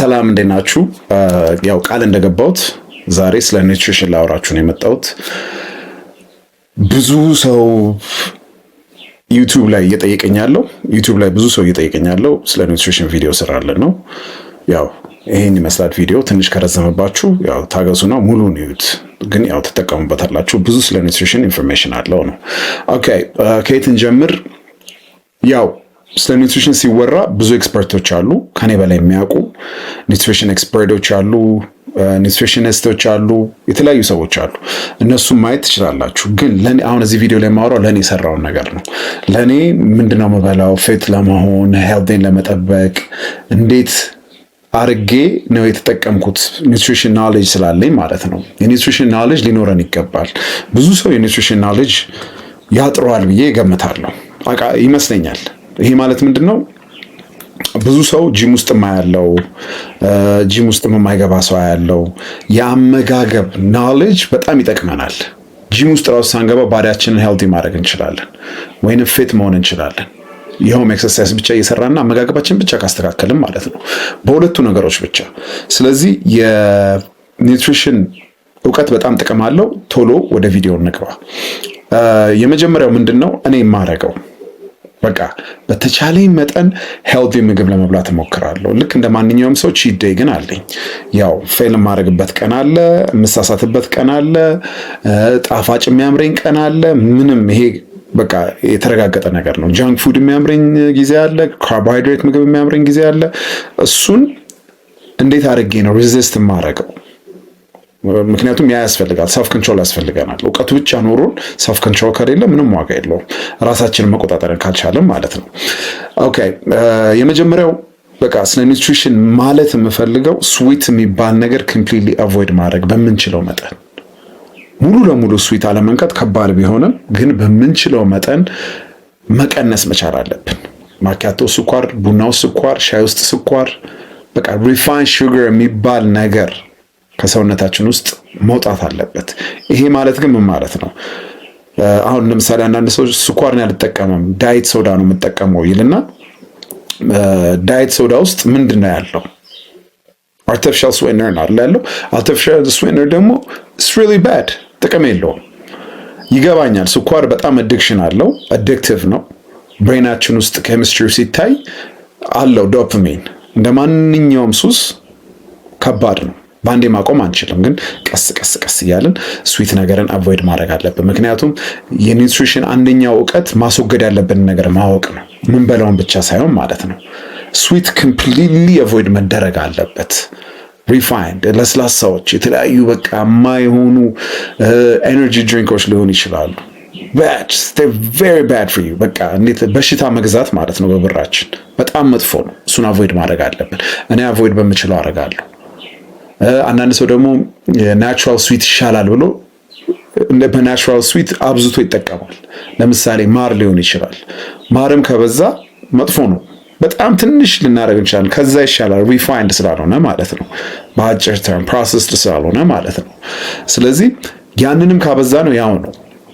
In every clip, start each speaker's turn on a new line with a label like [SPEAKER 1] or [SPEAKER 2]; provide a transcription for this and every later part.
[SPEAKER 1] ሰላም እንዴት ናችሁ? ያው ቃል እንደገባሁት ዛሬ ስለ ኒትሪሽን ላወራችሁ ነው የመጣሁት። ብዙ ሰው ዩቱብ ላይ እየጠየቀኛለው ዩቱብ ላይ ብዙ ሰው እየጠየቀኛለው ስለ ኒትሪሽን ቪዲዮ ስራለን ነው። ያው ይሄን ይመስላል ቪዲዮ። ትንሽ ከረዘመባችሁ ያው ታገሱና ሙሉን ይዩት፣ ግን ያው ትጠቀሙበታላችሁ። ብዙ ስለ ኒትሪሽን ኢንፎርሜሽን አለው ነው። ኦኬ ከየትን ጀምር ያው ስለ ኒውትሪሽን ሲወራ ብዙ ኤክስፐርቶች አሉ። ከኔ በላይ የሚያውቁ ኒትሪሽን ኤክስፐርቶች አሉ፣ ኒትሪሽንስቶች አሉ፣ የተለያዩ ሰዎች አሉ። እነሱም ማየት ትችላላችሁ። ግን አሁን እዚህ ቪዲዮ ላይ ማውራው ለእኔ የሰራውን ነገር ነው። ለእኔ ምንድነው የምበላው ፌት ለመሆን ሄልቴን ለመጠበቅ እንዴት አርጌ ነው የተጠቀምኩት። ኒትሪሽን ናውሌጅ ስላለኝ ማለት ነው። የኒትሪሽን ናውሌጅ ሊኖረን ይገባል። ብዙ ሰው የኒትሪሽን ናውሌጅ ያጥረዋል ብዬ እገምታለሁ፣ ይመስለኛል ይሄ ማለት ምንድን ነው? ብዙ ሰው ጂም ውስጥ ማያለው ጂም ውስጥ የማይገባ ሰው ያለው የአመጋገብ ናውሌጅ በጣም ይጠቅመናል። ጂም ውስጥ ራሱ ሳንገባ ባዲያችንን ሄልቲ ማድረግ እንችላለን፣ ወይንም ፌት መሆን እንችላለን። ይኸውም ኤክሰርሳይዝ ብቻ እየሰራና አመጋገባችን ብቻ ካስተካከልም ማለት ነው፣ በሁለቱ ነገሮች ብቻ። ስለዚህ የኒውትሪሽን እውቀት በጣም ጥቅም አለው። ቶሎ ወደ ቪዲዮ እንግባ። የመጀመሪያው ምንድን ነው እኔ የማደርገው በቃ በተቻለ መጠን ሄልዚ ምግብ ለመብላት እሞክራለሁ። ልክ እንደ ማንኛውም ሰው ቺት ግን አለኝ። ያው ፌል የማደርግበት ቀን አለ፣ የምሳሳትበት ቀን አለ፣ ጣፋጭ የሚያምረኝ ቀን አለ። ምንም ይሄ በቃ የተረጋገጠ ነገር ነው። ጃንክ ፉድ የሚያምረኝ ጊዜ አለ፣ ካርቦሃይድሬት ምግብ የሚያምረኝ ጊዜ አለ። እሱን እንዴት አድርጌ ነው ሪዚስት የማደርገው? ምክንያቱም ያ ያስፈልጋል። ሰልፍ ኮንትሮል ያስፈልገናል። እውቀቱ ብቻ ኖሮን ሰልፍ ኮንትሮል ከሌለ ምንም ዋጋ የለውም። ራሳችንን መቆጣጠርን ካልቻለም ማለት ነው። ኦኬ የመጀመሪያው በቃ ስለ ኒውትሪሽን ማለት የምፈልገው ስዊት የሚባል ነገር ኮምፕሊትሊ አቮይድ ማድረግ በምንችለው መጠን ሙሉ ለሙሉ ስዊት አለመንካት ከባድ ቢሆንም ግን በምንችለው መጠን መቀነስ መቻል አለብን። ማኪያቶ ስኳር፣ ቡናው ስኳር፣ ሻይ ውስጥ ስኳር፣ በቃ ሪፋይን ሹገር የሚባል ነገር ከሰውነታችን ውስጥ መውጣት አለበት። ይሄ ማለት ግን ምን ማለት ነው? አሁን ለምሳሌ አንዳንድ ሰዎች ስኳርን አልጠቀምም ዳይት ሶዳ ነው የምጠቀመው ይልና ዳይት ሶዳ ውስጥ ምንድን ነው ያለው? አርቲፊሻል ስዌነር ነው ያለው። አርቲፊሻል ስዌነር ደግሞ ኢትስ ሪሊ ባድ ጥቅም የለውም። ይገባኛል። ስኳር በጣም አዲክሽን አለው፣ አዲክቲቭ ነው። ብሬናችን ውስጥ ኬሚስትሪ ሲታይ አለው ዶፕሚን። እንደ ማንኛውም ሱስ ከባድ ነው። በአንዴ ማቆም አንችልም፣ ግን ቀስ ቀስ ቀስ እያለን ስዊት ነገርን አቮይድ ማድረግ አለብን። ምክንያቱም የኒውትሪሽን አንደኛው እውቀት ማስወገድ ያለብን ነገር ማወቅ ነው፣ ምን ምንበላውን ብቻ ሳይሆን ማለት ነው። ስዊት ኮምፕሊትሊ አቮይድ መደረግ አለበት። ሪፋይንድ ለስላሳዎች፣ የተለያዩ በቃ የማይሆኑ ኤነርጂ ድሪንኮች ሊሆን ይችላሉ። በቃ እንዴት በሽታ መግዛት ማለት ነው። በብራችን በጣም መጥፎ ነው። እሱን አቮይድ ማድረግ አለብን። እኔ አቮይድ በምችለው አደርጋለሁ። አንዳንድ ሰው ደግሞ ናቹራል ስዊት ይሻላል ብሎ በናቹራል ስዊት አብዝቶ ይጠቀማል። ለምሳሌ ማር ሊሆን ይችላል። ማርም ከበዛ መጥፎ ነው። በጣም ትንሽ ልናደርግ እንችላለን። ከዛ ይሻላል ሪፋይንድ ስላልሆነ ማለት ነው። በአጭር ተርም ፕሮሰስድ ስላልሆነ ማለት ነው። ስለዚህ ያንንም ካበዛ ነው ያው ነው።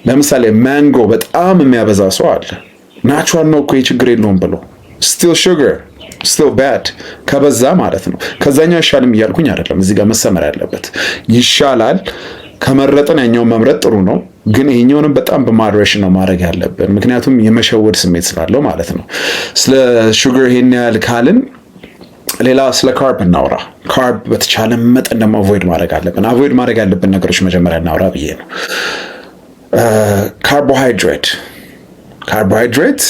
[SPEAKER 1] ለምሳሌ ማንጎ በጣም የሚያበዛ ሰው አለ። ናቹራል ነው እኮ ችግር የለውም ብሎ ስቲል ሹገር ስቲል ባድ ከበዛ ማለት ነው። ከዛኛው ይሻልም እያልኩኝ አይደለም። እዚህ ጋር መሰመር ያለበት ይሻላል ከመረጠን ያኛውን መምረጥ ጥሩ ነው፣ ግን ይሄኛውንም በጣም በማድሬሽን ነው ማድረግ ያለብን፣ ምክንያቱም የመሸወድ ስሜት ስላለው ማለት ነው። ስለ ሹገር ይሄን ያህል ካልን ሌላ ስለ ካርብ እናውራ። ካርብ በተቻለ መጠን ደግሞ አቮይድ ማድረግ አለብን። አቮይድ ማድረግ ያለብን ነገሮች መጀመሪያ እናውራ ብዬ ነው። ካርቦሃይድሬት ካርቦሃይድሬት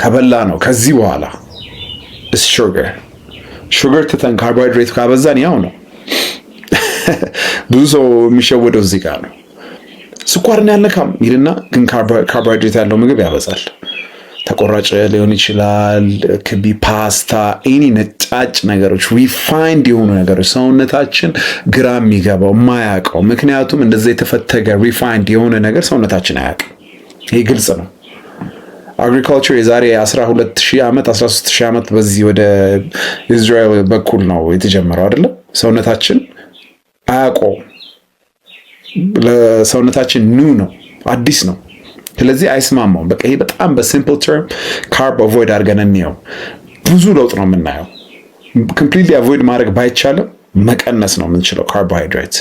[SPEAKER 1] ከበላ ነው ከዚህ በኋላ ሹገር ሹገር ትተን ካርቦሃይድሬት ካበዛን ያው ነው። ብዙ ሰው የሚሸወደው እዚህ ጋር ነው። ስኳርን ያልነካም ይልና ግን ካርቦሃይድሬት ያለው ምግብ ያበዛል። ተቆራጭ ሊሆን ይችላል። ክቢ ፓስታ፣ ኤኒ ነጫጭ ነገሮች፣ ሪፋይንድ የሆኑ ነገሮች ሰውነታችን ግራ የሚገባው የማያውቀው፣ ምክንያቱም እንደዚ የተፈተገ ሪፋይንድ የሆነ ነገር ሰውነታችን አያውቅም። ይህ ግልጽ ነው። አግሪካልቸር የዛሬ 12 ሺህ ዓመት 13 ሺህ ዓመት በዚህ ወደ እስራኤል በኩል ነው የተጀመረው አይደለም። ሰውነታችን አያውቀውም። ለሰውነታችን ኒው ነው፣ አዲስ ነው። ስለዚህ አይስማማውም። በቃ ይሄ በጣም በሲምፕል ተርም ካርብ አቮይድ አድርገን እንየው። ብዙ ለውጥ ነው የምናየው። ኮምፕሊትሊ አቮይድ ማድረግ ባይቻልም መቀነስ ነው የምንችለው ካርቦሃይድሬት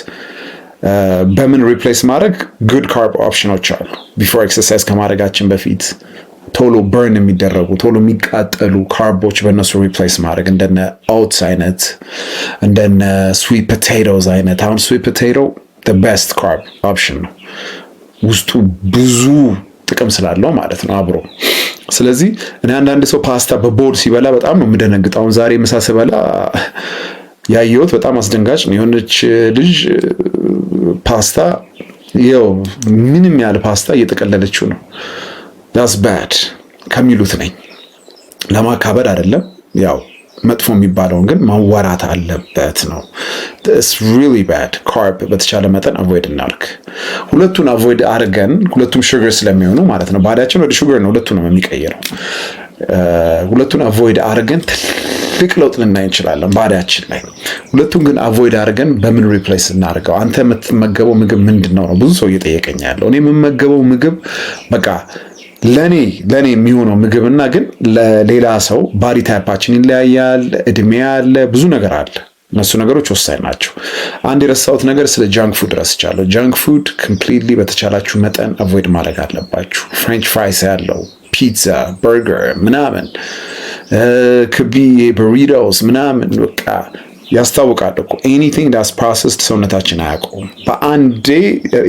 [SPEAKER 1] በምን ሪፕሌስ ማድረግ ጉድ ካርብ ኦፕሽኖች አሉ። ቢፎር ኤክሰርሳይዝ ከማድረጋችን በፊት ቶሎ በርን የሚደረጉ ቶሎ የሚቃጠሉ ካርቦች በእነሱ ሪፕሌስ ማድረግ እንደነ ኦትስ አይነት እንደነ ስዊት ፖቴቶስ አይነት። አሁን ስዊት ፖቴቶ ቤስት ካርብ ኦፕሽን ነው ውስጡ ብዙ ጥቅም ስላለው ማለት ነው አብሮ። ስለዚህ እኔ አንዳንድ ሰው ፓስታ በቦል ሲበላ በጣም ነው የምደነግጥ። አሁን ዛሬ ምሳ ስበላ ያየሁት በጣም አስደንጋጭ ነው። የሆነች ልጅ ፓስታ ው ምንም ያህል ፓስታ እየጠቀለለችው ነው ዳስ ባድ ከሚሉት ነኝ። ለማካበድ አይደለም ያው መጥፎ የሚባለውን ግን ማዋራት አለበት ነው። ስ ሪሊ ባድ ካርብ በተቻለ መጠን አቮይድ እናርግ። ሁለቱን አቮይድ አድርገን ሁለቱም ሹገር ስለሚሆኑ ማለት ነው። ባዳችን ወደ ሹገር ነው ሁለቱ ነው የሚቀይረው። uh, ሁለቱን አቮይድ አድርገን ትልቅ ለውጥ ልናይ እንችላለን ባዳችን ላይ። ሁለቱን ግን አቮይድ አድርገን በምን ሪፕሌስ እናደርገው? አንተ የምትመገበው ምግብ ምንድን ነው ነው ብዙ ሰው እየጠየቀኝ ያለው። እኔ የምመገበው ምግብ በቃ ለኔ ለኔ የሚሆነው ምግብና ግን ለሌላ ሰው ባዲ ታይፓችን ይለያያል። እድሜ አለ፣ ብዙ ነገር አለ። እነሱ ነገሮች ወሳኝ ናቸው። አንድ የረሳሁት ነገር ስለ ጃንክ ፉድ ረስቻለሁ። ጃንክ ፉድ ኮምፕሊትሊ በተቻላችሁ መጠን አቮይድ ማድረግ አለባችሁ። ፍሬንች ፍራይስ ያለው ፒዛ፣ በርገር ምናምን ክቢ፣ በሪዶስ ምናምን በቃ ያስታውቃል እኮ ኤኒቲንግ ዳስ ፕሮሰስድ ሰውነታችን አያውቀውም። በአንዴ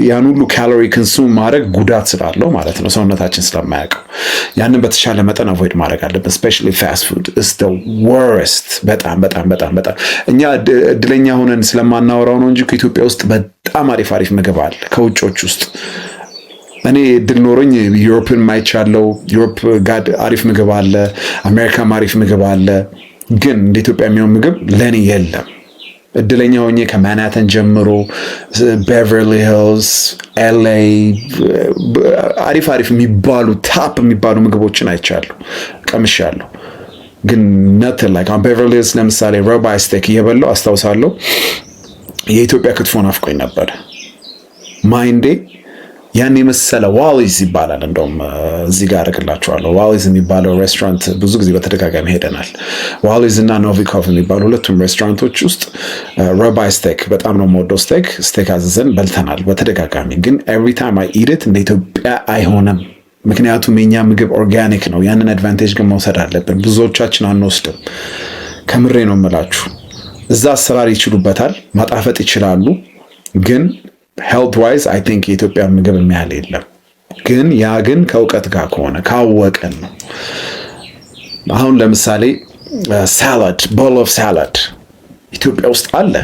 [SPEAKER 1] ያን ሁሉ ካሎሪ ክንሱም ማድረግ ጉዳት ስላለው ማለት ነው፣ ሰውነታችን ስለማያውቀው ያንን በተሻለ መጠን አቮይድ ማድረግ አለብን። ስፔሻሊ ፋስት ፉድ ኢስ ዘ ወርስት። በጣም በጣም በጣም በጣም እኛ እድለኛ ሆነን ስለማናወራው ነው እንጂ ኢትዮጵያ ውስጥ በጣም አሪፍ አሪፍ ምግብ አለ ከውጮች ውስጥ እኔ እድል ኖሮኝ ዩሮፕን ማይቻለው ዩሮፕ ጋድ አሪፍ ምግብ አለ። አሜሪካም አሪፍ ምግብ አለ። ግን እንደ ኢትዮጵያ የሚሆን ምግብ ለእኔ የለም። እድለኛ ሆኜ ከማናተን ጀምሮ ቤቨርሊ ሂልስ፣ ኤል አሪፍ አሪፍ የሚባሉ ታፕ የሚባሉ ምግቦችን አይቻሉ ቀምሻለሁ። ግን ነትን ላይ አሁን ቤቨርሊ ሂልስ ለምሳሌ ረባይ ስቴክ እየበላው አስታውሳለሁ። የኢትዮጵያ ክትፎ ናፍቆኝ ነበር ማይንዴ ያን የመሰለ ዋሊዝ ይባላል። እንደውም እዚህ ጋር አደርግላቸዋለሁ። ዋሊዝ የሚባለው ሬስቶራንት ብዙ ጊዜ በተደጋጋሚ ሄደናል። ዋሊዝ እና ኖቪኮቭ የሚባሉ ሁለቱም ሬስቶራንቶች ውስጥ ረባይ ስቴክ በጣም ነው የምወደው። ስቴክ ስቴክ አዘዘን በልተናል በተደጋጋሚ ግን ኤቭሪ ታይም አይ ኢድት እንደ ኢትዮጵያ አይሆንም። ምክንያቱም የኛ ምግብ ኦርጋኒክ ነው። ያንን አድቫንቴጅ ግን መውሰድ አለብን። ብዙዎቻችን አንወስድም። ከምሬ ነው የምላችሁ። እዛ አሰራር ይችሉበታል፣ ማጣፈጥ ይችላሉ ግን ሄልት ዋይዝ አይ ቲንክ የኢትዮጵያ ምግብ የሚያህል የለም። ግን ያ ግን ከእውቀት ጋር ከሆነ ካወቀን ነው። አሁን ለምሳሌ ሳላድ ቦል ኦፍ ሳላድ ኢትዮጵያ ውስጥ አለ።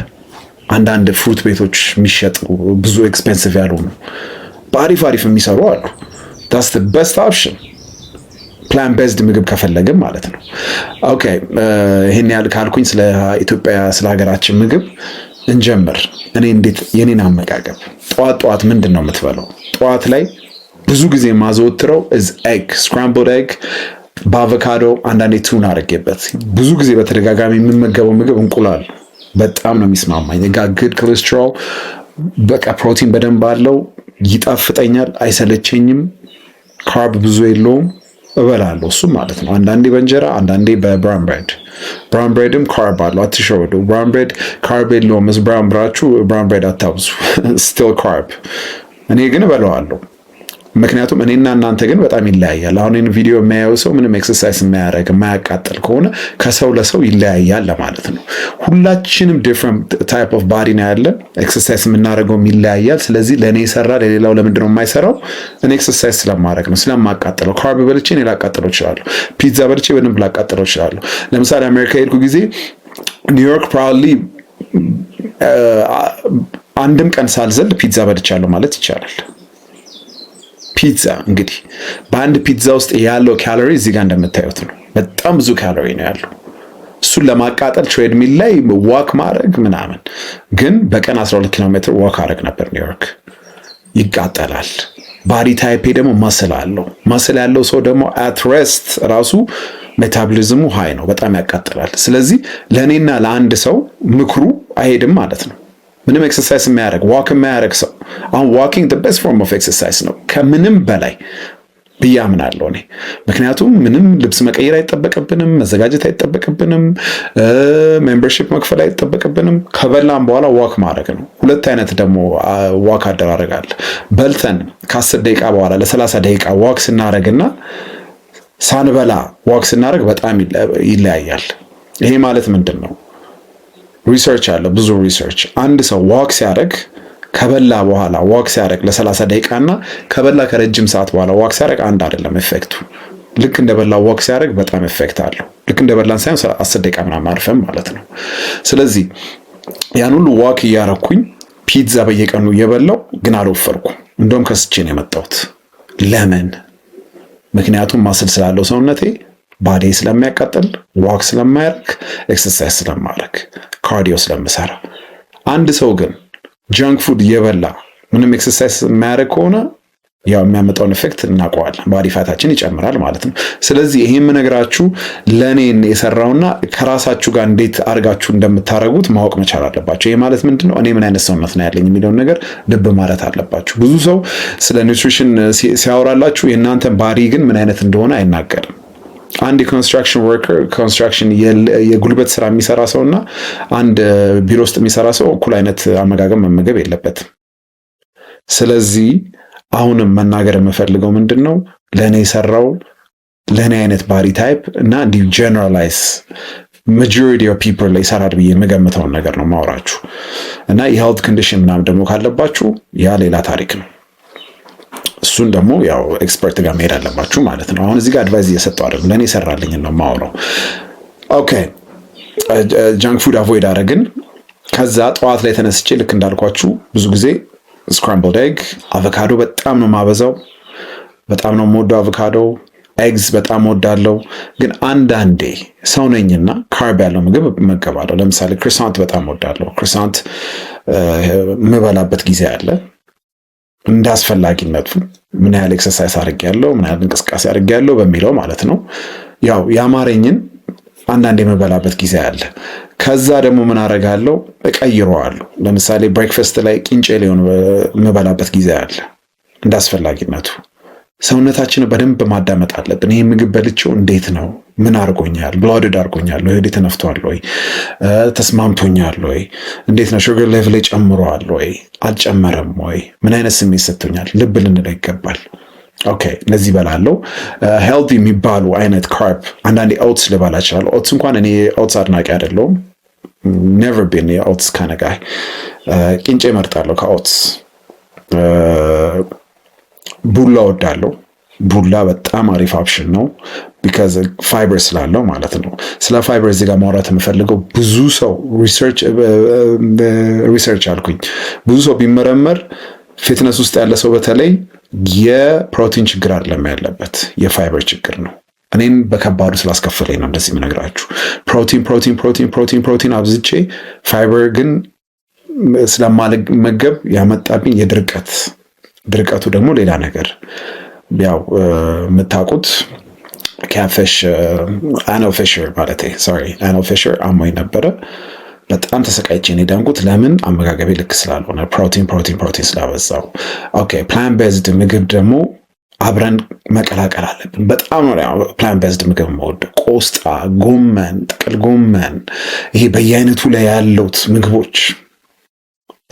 [SPEAKER 1] አንዳንድ ፍሩት ቤቶች የሚሸጡ ብዙ ኤክስፔንሲቭ ያልሆኑ በአሪፍ አሪፍ የሚሰሩ አሉ። ዳስ በስት ኦፕሽን ፕላን ቤዝድ ምግብ ከፈለግም ማለት ነው። ኦኬ uh, ይህን ያህል ካልኩኝ ስለ ኢትዮጵያ ስለ ሀገራችን ምግብ እንጀምር። እኔ እንዴት የኔን አመጋገብ ጠዋት ጠዋት ምንድን ነው የምትበለው? ጠዋት ላይ ብዙ ጊዜ ማዘወትረው እዝ ኤግ ስክራምብልድ ኤግ በአቮካዶ አንዳንዴ ቱን አድርጌበት ብዙ ጊዜ በተደጋጋሚ የምመገበው ምግብ እንቁላል በጣም ነው የሚስማማኝ። ጋ ግድ ኮሌስትሮል በቃ ፕሮቲን በደንብ አለው። ይጣፍጠኛል፣ አይሰለቸኝም። ካርብ ብዙ የለውም። እበላለሁ። እሱም ማለት ነው አንዳንዴ በእንጀራ አንዳንዴ በብራን ብሬድ። ብራን ብሬድም ካርብ አለው አትሸወዱ። ብራን ብሬድ ካርብ የለውም። ብራን ብራችሁ ብራን ብሬድ አታብዙ። ስቲል ካርብ። እኔ ግን እበለዋለሁ ምክንያቱም እኔና እናንተ ግን በጣም ይለያያል። አሁን ይህን ቪዲዮ የሚያየው ሰው ምንም ኤክሰርሳይዝ የማያደርግ የማያቃጥል ከሆነ ከሰው ለሰው ይለያያል ለማለት ነው። ሁላችንም ዲፍረንት ታይፕ ኦፍ ባዲ ነው ያለን። ኤክሰርሳይዝ የምናደርገውም ይለያያል። ስለዚህ ለእኔ ይሰራ፣ ለሌላው ለምንድን ነው የማይሰራው? እኔ ኤክሰርሳይዝ ስለማድረግ ነው፣ ስለማቃጥለው። ካርብ በልቼ እኔ ላቃጥለው እችላለሁ። ፒዛ በልቼ በደንብ ላቃጥለው እችላለሁ። ለምሳሌ አሜሪካ የሄድኩ ጊዜ ኒውዮርክ ፕራውድሊ uh, አንድም ቀን ሳልዘል ፒዛ በልቻለሁ ማለት ይቻላል። ፒዛ እንግዲህ በአንድ ፒዛ ውስጥ ያለው ካሎሪ እዚህ ጋር እንደምታዩት ነው። በጣም ብዙ ካሎሪ ነው ያለው። እሱን ለማቃጠል ትሬድሚል ላይ ዋክ ማድረግ ምናምን፣ ግን በቀን 12 ኪሎ ሜትር ዋክ አድረግ ነበር ኒውዮርክ። ይቃጠላል። ባዲ ታይፔ ደግሞ መስል አለው። መስል ያለው ሰው ደግሞ አትሬስት ራሱ ሜታቦሊዝሙ ሀይ ነው፣ በጣም ያቃጥላል። ስለዚህ ለእኔና ለአንድ ሰው ምክሩ አይሄድም ማለት ነው። ምንም ኤክሰርሳይዝ የማያደርግ ዋክ የማያደርግ ሰው አሁን ዋኪንግ ቤስት ፎርም ኦፍ ኤክሰርሳይዝ ነው ከምንም በላይ ብዬ አምናለሁ እኔ። ምክንያቱም ምንም ልብስ መቀየር አይጠበቅብንም፣ መዘጋጀት አይጠበቅብንም፣ ሜምበርሺፕ መክፈል አይጠበቅብንም። ከበላን በኋላ ዋክ ማድረግ ነው። ሁለት አይነት ደግሞ ዋክ አደራረግ አለ። በልተን ከአስር ደቂቃ በኋላ ለሰላሳ ደቂቃ ዋክ ስናደረግና ሳንበላ ዋክ ስናደረግ በጣም ይለያያል። ይሄ ማለት ምንድን ነው? ሪሰርች አለ፣ ብዙ ሪሰርች። አንድ ሰው ዋክ ሲያደርግ ከበላ በኋላ ዋክ ሲያደርግ ለ30 ደቂቃ እና ከበላ ከረጅም ሰዓት በኋላ ዋክ ሲያደርግ አንድ አይደለም ኤፌክቱ። ልክ እንደበላ ዋክ ሲያደርግ በጣም ኤፌክት አለው። ልክ እንደበላን ሳይሆን አስር ደቂቃ ምናምን አርፈን ማለት ነው። ስለዚህ ያን ሁሉ ዋክ እያረኩኝ ፒዛ በየቀኑ እየበላው ግን አልወፈርኩ እንደውም ከስቼ ነው የመጣሁት። ለምን? ምክንያቱም ማስል ስላለው ሰውነቴ ባዴ ስለሚያቃጥል ዋክ ስለማያርግ ኤክሰርሳይዝ ስለማድረግ ካርዲዮ ስለምሰራ። አንድ ሰው ግን ጃንክ ፉድ የበላ ምንም ኤክሰርሳይዝ የማያደርግ ከሆነ ያው የሚያመጣውን ኢፌክት እናውቀዋለን። ባዲ ፋታችን ይጨምራል ማለት ነው። ስለዚህ ይሄ ነገራችሁ ለእኔ የሰራውና ከራሳችሁ ጋር እንዴት አድርጋችሁ እንደምታደርጉት ማወቅ መቻል አለባቸው። ይሄ ማለት ምንድን ነው? እኔ ምን አይነት ሰውነት ነው ያለኝ የሚለውን ነገር ልብ ማለት አለባችሁ። ብዙ ሰው ስለ ኒውትሪሽን ሲያወራላችሁ የእናንተን ባዲ ግን ምን አይነት እንደሆነ አይናገርም። አንድ የኮንስትራክሽን ወርከር ኮንስትራክሽን የጉልበት ስራ የሚሰራ ሰው እና አንድ uh, ቢሮ ውስጥ የሚሰራ ሰው እኩል አይነት አመጋገብ መመገብ የለበትም። ስለዚህ አሁንም መናገር የምፈልገው ምንድን ነው ለእኔ የሰራው ለእኔ አይነት ባሪ ታይፕ እና እንዲሁ ጀነራላይዝ ማጆሪቲ ኦፍ ፒፕል ላይ ይሰራል ብዬ የምገምተውን ነገር ነው ማውራችሁ እና የሄልት ኮንዲሽን ምናምን ደግሞ ካለባችሁ ያ ሌላ ታሪክ ነው። እሱን ደግሞ ያው ኤክስፐርት ጋር መሄድ አለባችሁ ማለት ነው። አሁን እዚህ ጋር አድቫይዝ እየሰጠው አይደለም፣ ለእኔ ይሰራልኝ ነው የማወራው። ኦኬ ጃንክ ፉድ አቮይድ አደረግን። ከዛ ጠዋት ላይ ተነስቼ ልክ እንዳልኳችሁ ብዙ ጊዜ ስክራምብል ኤግ፣ አቮካዶ በጣም ነው ማበዛው፣ በጣም ነው የምወደው አቮካዶ ኤግዝ በጣም ወዳለው ግን አንዳንዴ ሰው ነኝና ካርብ ያለው ምግብ እመገባለሁ። ለምሳሌ ክሪሳንት በጣም ወዳለው። ክሪሳንት የምበላበት ጊዜ አለ። እንደ አስፈላጊነቱ ምን ያህል ኤክሰርሳይዝ አድርግ ያለው ምን ያህል እንቅስቃሴ አድርግ ያለው በሚለው ማለት ነው። ያው የአማረኝን አንዳንድ የምበላበት ጊዜ አለ። ከዛ ደግሞ ምን አደርጋለሁ እቀይረዋለሁ። ለምሳሌ ብሬክፈስት ላይ ቂንጬ ሊሆን የምበላበት ጊዜ አለ። እንደ አስፈላጊነቱ ሰውነታችንን በደንብ ማዳመጥ አለብን። ይህ ምግብ በልቼው እንዴት ነው ምን አድርጎኛል? ብላውድድ አድርጎኛል ወይ? ተነፍቷል ወይ? ተስማምቶኛል ወይ? እንዴት ነው ሹገር ሌቭል ላይ ጨምሯል ወይ? አልጨመረም ወይ? ምን አይነት ስሜት ሰጥቶኛል? ልብ ልንለው ይገባል። ኦኬ እነዚህ በላለው ሄልቲ የሚባሉ አይነት ካርፕ አንዳንዴ ኦትስ ልበላ እችላለሁ። ኦትስ እንኳን እኔ ኦትስ አድናቂ አይደለሁም። ኔቨር ቢን የኦትስ ከነጋይ ቂንጬ እመርጣለሁ ከኦትስ ቡላ ወዳለሁ። ቡላ በጣም አሪፍ አፕሽን ነው፣ ቢካዝ ፋይበር ስላለው ማለት ነው። ስለ ፋይበር እዚህ ጋር ማውራት የምፈልገው ብዙ ሰው ሪሰርች አልኩኝ፣ ብዙ ሰው ቢመረመር ፊትነስ ውስጥ ያለ ሰው በተለይ የፕሮቲን ችግር አይደለም ያለበት የፋይበር ችግር ነው። እኔም በከባዱ ስላስከፈለኝ ነው እንደዚህ የምነግራችሁ። ፕሮቲን ፕሮቲን ፕሮቲን ፕሮቲን ፕሮቲን አብዝቼ ፋይበር ግን ስለማልመገብ ያመጣብኝ የድርቀት ድርቀቱ ደግሞ ሌላ ነገር ያው የምታውቁት ካንፌሽ አኖ ፊሸር ማለት ሶሪ አኖ ፊሸር አሞኝ ነበረ። በጣም ተሰቃይቼ ነው የዳንኩት። ለምን አመጋገቤ ልክ ስላልሆነ ፕሮቲን ፕሮቲን ፕሮቲን ስላበዛው። ኦኬ ፕላን ቤዝድ ምግብ ደግሞ አብረን መቀላቀል አለብን። በጣም ነው ፕላን ቤዝድ ምግብ መወድ ቆስጣ፣ ጎመን፣ ጥቅል ጎመን ይሄ በየአይነቱ ላይ ያሉት ምግቦች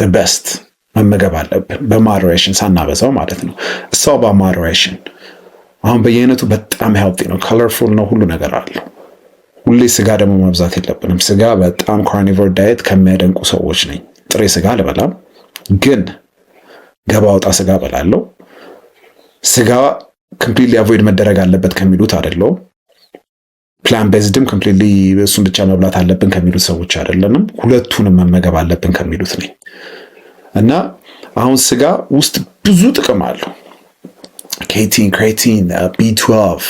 [SPEAKER 1] the best መመገብ አለብን። በማዶሬሽን ሳናበዛው ማለት ነው። እሷ በማዶሬሽን አሁን በየአይነቱ በጣም ሄልቲ ነው፣ ከለርፉል ነው፣ ሁሉ ነገር አለው። ሁሌ ስጋ ደግሞ መብዛት የለብንም። ስጋ በጣም ካርኒቮር ዳየት ከሚያደንቁ ሰዎች ነኝ። ጥሬ ስጋ አልበላም፣ ግን ገባ ወጣ ስጋ በላለው። ስጋ ኮምፕሊትሊ አቮይድ መደረግ አለበት ከሚሉት አይደለውም። ፕላን ቤዝድም ኮምፕሊትሊ እሱን ብቻ መብላት አለብን ከሚሉት ሰዎች አይደለንም። ሁለቱንም መመገብ አለብን ከሚሉት ነኝ። እና አሁን ስጋ ውስጥ ብዙ ጥቅም አለው። ኬቲን ክሬቲን ቢ12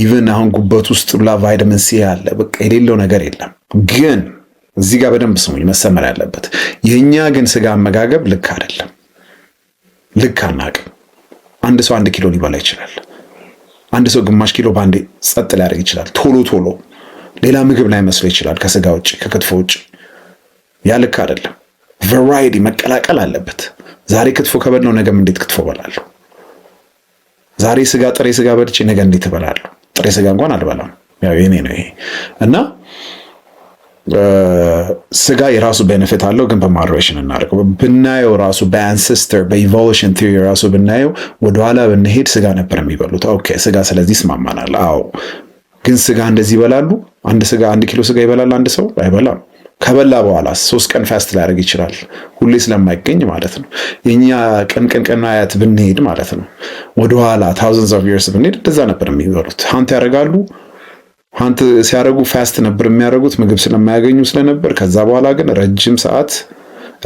[SPEAKER 1] ኢቨን አሁን ጉበት ውስጥ ብላ ቫይታሚን ሲ አለ። በቃ የሌለው ነገር የለም። ግን እዚህ ጋር በደንብ ስሙኝ መሰመር ያለበት የእኛ ግን ስጋ አመጋገብ ልክ አይደለም። ልክ አናቅም። አንድ ሰው አንድ ኪሎ ሊበላ ይችላል። አንድ ሰው ግማሽ ኪሎ በአንዴ ጸጥ ሊያደርግ ይችላል። ቶሎ ቶሎ ሌላ ምግብ ላይ መስሎ ይችላል። ከስጋ ውጭ ከክትፎ ውጭ ያ ልክ አይደለም። ቫራይቲ መቀላቀል አለበት። ዛሬ ክትፎ ከበላው ነው፣ ነገም እንዴት ክትፎ እበላለሁ? ዛሬ ስጋ ጥሬ ስጋ በልቼ ነገ እንዴት እበላለሁ? ጥሬ ስጋ እንኳን አልበላም፣ ያው የኔ ነው ይሄ እና ስጋ የራሱ ቤኔፊት አለው፣ ግን በማድሬሽን እናደርገው። ብናየው ራሱ በአንሴስተር በኢቮሉሽን ቲዮሪ ራሱ ብናየው ወደኋላ ብንሄድ ስጋ ነበር የሚበሉት። ኦኬ ስጋ ስለዚህ ይስማማናል። አዎ ግን ስጋ እንደዚህ ይበላሉ? አንድ ስጋ አንድ ኪሎ ስጋ ይበላል አንድ ሰው? አይበላም። ከበላ በኋላ ሶስት ቀን ፋስት ሊያደርግ ይችላል። ሁሌ ስለማይገኝ ማለት ነው። የኛ ቀን ቀን ቀን አያት ብንሄድ ማለት ነው ወደኋላ ታውዘንስ ኦፍ ይርስ ብንሄድ እንደዛ ነበር የሚበሉት። ሀንት ያደርጋሉ። ሀንት ሲያደርጉ ፋስት ነበር የሚያደርጉት ምግብ ስለማያገኙ ስለነበር። ከዛ በኋላ ግን ረጅም ሰዓት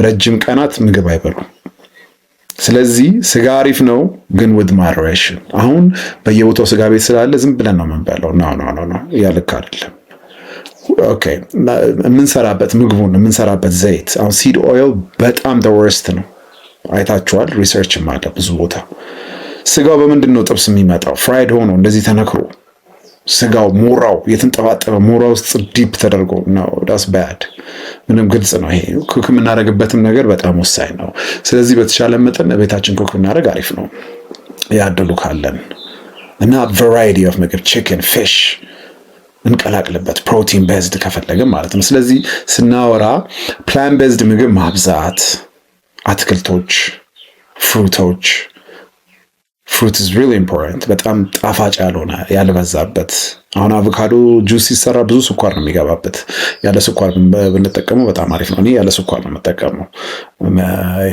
[SPEAKER 1] ረጅም ቀናት ምግብ አይበሉም። ስለዚህ ስጋ አሪፍ ነው፣ ግን ውድ ማድሬሽን። አሁን በየቦታው ስጋ ቤት ስላለ ዝም ብለን ነው የምንበለው። ና ናው ናው ያ ልክ አይደለም። የምንሰራበት ምግቡን የምንሰራበት ዘይት አሁን ሲድ ኦይል በጣም ደወርስት ነው። አይታችኋል። ሪሰርችም አለ ብዙ ቦታ። ስጋው በምንድን ነው ጥብስ የሚመጣው? ፍራይድ ሆኖ እንደዚህ ተነክሮ ስጋው ሞራው የተንጠባጠበ ሞራ ውስጥ ዲፕ ተደርጎ ነው። ዳስ ባያድ ምንም ግልጽ ነው። ይሄ ኩክ የምናደርግበትም ነገር በጣም ወሳኝ ነው። ስለዚህ በተቻለ መጠን ቤታችን ኩክ ብናደርግ አሪፍ ነው። ያደሉ ካለን እና ቫራይቲ ኦፍ ምግብ ቺክን ፊሽ እንቀላቅልበት ፕሮቲን ቤዝድ ከፈለግን ማለት ነው። ስለዚህ ስናወራ ፕላን ቤዝድ ምግብ ማብዛት፣ አትክልቶች፣ ፍሩቶች ፍሩት ኢዝ ሪሊ ኢምፖርታንት በጣም ጣፋጭ ያልሆነ ያልበዛበት። አሁን አቮካዶ ጁስ ሲሰራ ብዙ ስኳር ነው የሚገባበት። ያለ ስኳር ብንጠቀመው በጣም አሪፍ ነው። እኔ ያለ ስኳር ነው የምጠቀመው።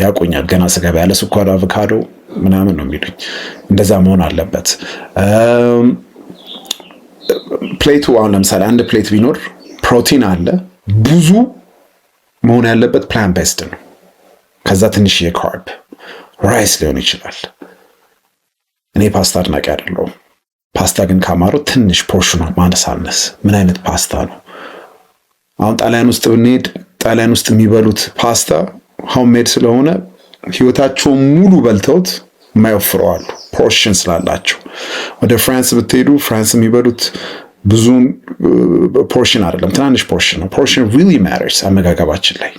[SPEAKER 1] ያቆኛል ገና ስገባ ያለ ስኳር አቮካዶ ምናምን ነው የሚሉኝ። እንደዛ መሆን አለበት። ፕሌቱ አሁን ለምሳሌ አንድ ፕሌት ቢኖር ፕሮቲን አለ። ብዙ መሆን ያለበት ፕላን ቤስድ ነው። ከዛ ትንሽ የካርብ ራይስ ሊሆን ይችላል። እኔ ፓስታ አድናቂ አይደለሁም። ፓስታ ግን ካማረው ትንሽ ፖርሽኑ ማነሳነስ። ምን አይነት ፓስታ ነው? አሁን ጣሊያን ውስጥ ብንሄድ ጣሊያን ውስጥ የሚበሉት ፓስታ ሆምሜድ ስለሆነ ህይወታቸውን ሙሉ በልተውት የማይወፍረዋሉ ፖርሽን ስላላቸው። ወደ ፍራንስ ብትሄዱ ፍራንስ የሚበሉት ብዙን ፖርሽን አይደለም፣ ትናንሽ ፖርሽን ነው። ፖርሽን ሪሊ ማተርስ አመጋገባችን ላይ።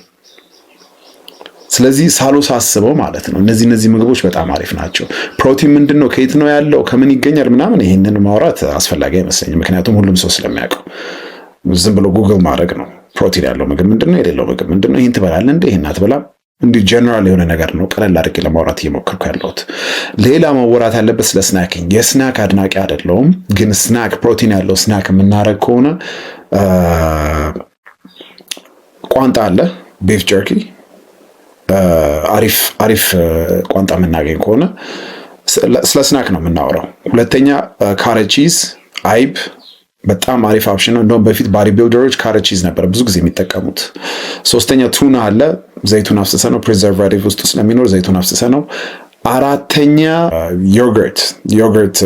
[SPEAKER 1] ስለዚህ ሳስበው ማለት ነው እነዚህ እነዚህ ምግቦች በጣም አሪፍ ናቸው። ፕሮቲን ምንድን ነው? ከየት ነው ያለው? ከምን ይገኛል? ምናምን ይህንን ማውራት አስፈላጊ አይመስለኝም፣ ምክንያቱም ሁሉም ሰው ስለሚያውቀው ዝም ብሎ ጉግል ማድረግ ነው። ፕሮቲን ያለው ምግብ ምንድን ነው? የሌለው ምግብ ምንድን ነው? ይህን ትበላለህ እንዴ? ይህን አትበላም እንዲህ ጀነራል የሆነ ነገር ነው። ቀለል አድርጌ ለማውራት እየሞከርኩ ያለሁት። ሌላ መወራት ያለበት ስለ ስናኪንግ። የስናክ አድናቂ አይደለሁም፣ ግን ስናክ ፕሮቲን ያለው ስናክ የምናደርግ ከሆነ ቋንጣ አለ፣ ቤፍ ጀርኪ አሪፍ አሪፍ ቋንጣ የምናገኝ ከሆነ ስለ ስናክ ነው የምናወራው። ሁለተኛ ካረቺዝ አይብ በጣም አሪፍ አፕሽን ነው። እንደውም በፊት ባዲ ቢልደሮች ካረቺዝ ቺዝ ነበር ብዙ ጊዜ የሚጠቀሙት። ሶስተኛ ቱና አለ። ዘይቱን አፍስሰ ነው፣ ፕሪዘርቫቲቭ ውስጥ ስለሚኖር ዘይቱን አፍስሰ ነው። አራተኛ ዮገርት ዮገርት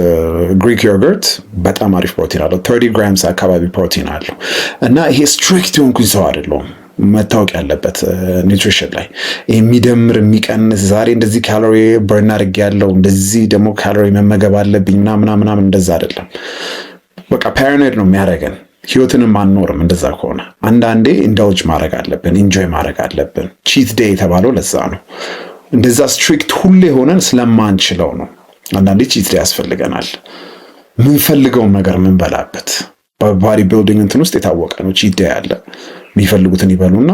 [SPEAKER 1] ግሪክ ዮገርት በጣም አሪፍ ፕሮቲን አለው። ተርቲ ግራምስ አካባቢ ፕሮቲን አለው እና ይሄ ስትሪክት የሆንኩኝ ሰው አይደለሁም መታወቅ ያለበት ኒትሪሽን uh, ላይ የሚደምር የሚቀንስ ዛሬ እንደዚህ ካሎሪ በርን አድርጌ ያለው እንደዚህ ደግሞ ካሎሪ መመገብ አለብኝ ምናምናምናምን እንደዛ አይደለም። በቃ ፓዮኔር ነው የሚያደርገን። ህይወትንም አንኖርም እንደዛ ከሆነ። አንዳንዴ ኢንዳውጅ ማድረግ አለብን፣ ኢንጆይ ማድረግ አለብን። ቺት ዴይ የተባለው ለዛ ነው። እንደዛ ስትሪክት ሁሌ ሆነን ስለማንችለው ነው። አንዳንዴ ቺት ዴይ ያስፈልገናል። ምንፈልገውን ነገር ምንበላበት በባዲ ቢልዲንግ እንትን ውስጥ የታወቀ ነው። ቺት ዴይ አለ። የሚፈልጉትን ይበሉና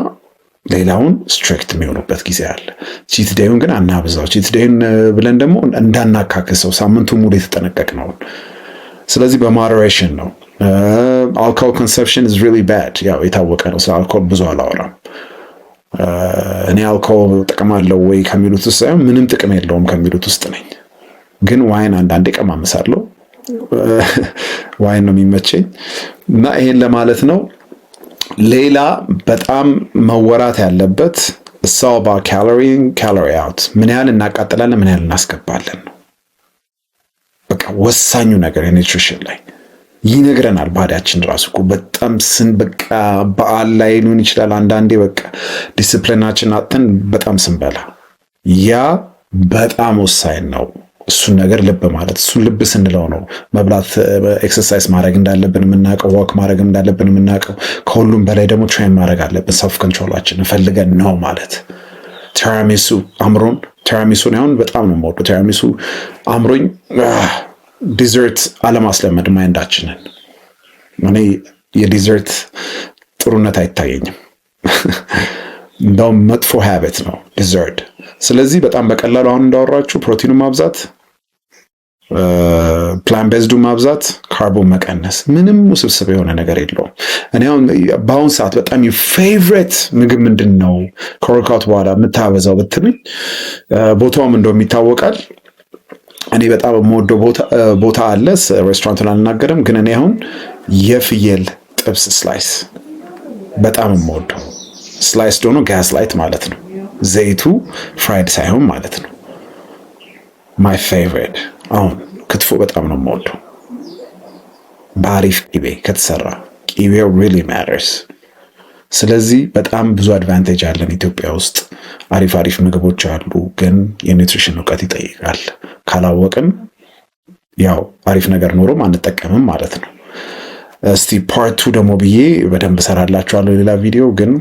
[SPEAKER 1] ሌላውን ስትሪክት የሚሆኑበት ጊዜ አለ። ቺት ዴዩን ግን አናብዛው። ቺት ዴይን ብለን ደግሞ እንዳናካክሰው ሳምንቱ ሙሉ የተጠነቀቅነውን ስለዚህ በሞደሬሽን ነው። አልኮል ኮንሰፕሽን ኢዝ ሪሊ ባድ፣ ያው የታወቀ ነው። ስለ አልኮል ብዙ አላወራም። እኔ አልኮል ጥቅም አለው ወይ ከሚሉት ውስጥ ሳይሆን ምንም ጥቅም የለውም ከሚሉት ውስጥ ነኝ። ግን ዋይን አንዳንዴ ቀማምሳለሁ። ዋይን ነው የሚመቸኝ እና ይሄን ለማለት ነው። ሌላ በጣም መወራት ያለበት እሳው ባ ካሎሪ ካሎሪ አውት ምን ያህል እናቃጥላለን፣ ምን ያህል እናስገባለን ነው። በቃ ወሳኙ ነገር የኒትሪሽን ላይ ይነግረናል። ባህሪያችን ራሱ እኮ በጣም ስን በቃ በዓል ላይ ሊሆን ይችላል አንዳንዴ በቃ ዲስፕሊናችን አጥተን በጣም ስንበላ፣ ያ በጣም ወሳኝ ነው። እሱን ነገር ልብ ማለት እሱን ልብ ስንለው ነው መብላት፣ ኤክሰርሳይዝ ማድረግ እንዳለብን የምናውቀው፣ ዋክ ማድረግ እንዳለብን የምናውቀው። ከሁሉም በላይ ደግሞ ትሬን ማድረግ አለብን። ሰልፍ ኮንትሮላችን እንፈልገን ነው ማለት ቴራሚሱ አምሮን ቴራሚሱን አሁን በጣም ነው የምወደው ቴራሚሱ አምሮኝ ዲዘርት አለማስለመድ ማይንዳችንን። እኔ የዲዘርት ጥሩነት አይታየኝም። እንደውም መጥፎ ሀያበት ነው ዲዘርት። ስለዚህ በጣም በቀላሉ አሁን እንዳወራችሁ ፕሮቲኑ ማብዛት፣ ፕላን ቤዝዱ ማብዛት፣ ካርቦን መቀነስ፣ ምንም ውስብስብ የሆነ ነገር የለውም። እኔ አሁን በአሁን ሰዓት በጣም ፌቨሬት ምግብ ምንድን ነው ከወርካውት በኋላ የምታበዛው ብትሉኝ ቦታውም እንደውም ይታወቃል እኔ በጣም የምወደው ቦታ አለ። ሬስቶራንቱን አልናገርም፣ ግን እኔ አሁን የፍየል ጥብስ ስላይስ በጣም የምወደው ስላይስ ደሆኖ ጋዝ ላይት ማለት ነው። ዘይቱ ፍራይድ ሳይሆን ማለት ነው። ማይ ፌቨሪት አሁን ክትፎ በጣም ነው የምወደው በአሪፍ ቂቤ ከተሰራ ቂቤው ሪሊ ማተርስ ስለዚህ በጣም ብዙ አድቫንቴጅ አለን። ኢትዮጵያ ውስጥ አሪፍ አሪፍ ምግቦች አሉ፣ ግን የኒውትሪሽን እውቀት ይጠይቃል። ካላወቅን ያው አሪፍ ነገር ኖሮም አንጠቀምም ማለት ነው። እስቲ ቱ ደግሞ ብዬ በደንብ ሰራላችኋለሁ ሌላ ቪዲዮ። ግን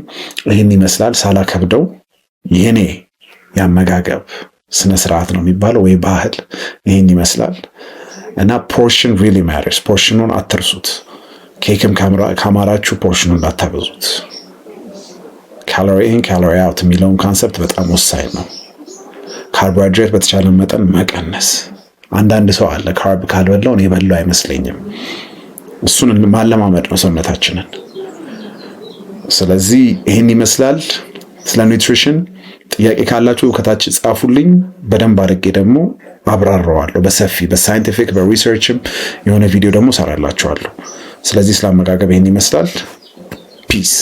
[SPEAKER 1] ይህን ይመስላል ሳላከብደው የኔ የአመጋገብ ስነስርዓት ነው የሚባለው ወይ ባህል ይህን ይመስላል እና ፖርሽን ሪሊ ማተርስ። ፖርሽኑን አትርሱት። ኬክም ካማራችሁ ፖርሽኑን እንዳታበዙት። ካሎሪ ኢን ካሎሪ አውት የሚለውን ካንሰፕት በጣም ወሳኝ ነው። ካርቦሃይድሬት በተቻለ መጠን መቀነስ። አንዳንድ ሰው አለ ካርብ ካልበላው እኔ በላው አይመስለኝም። እሱን ማለማመድ ነው ሰውነታችንን። ስለዚህ ይህን ይመስላል። ስለ ኒውትሪሽን ጥያቄ ካላችሁ ከታች ጻፉልኝ። በደንብ አድርጌ ደግሞ አብራረዋለሁ በሰፊ በሳይንቲፊክ በሪሰርችም የሆነ ቪዲዮ ደግሞ ሰራላችኋለሁ። ስለዚህ ስለ አመጋገብ ይህን ይመስላል። ፒስ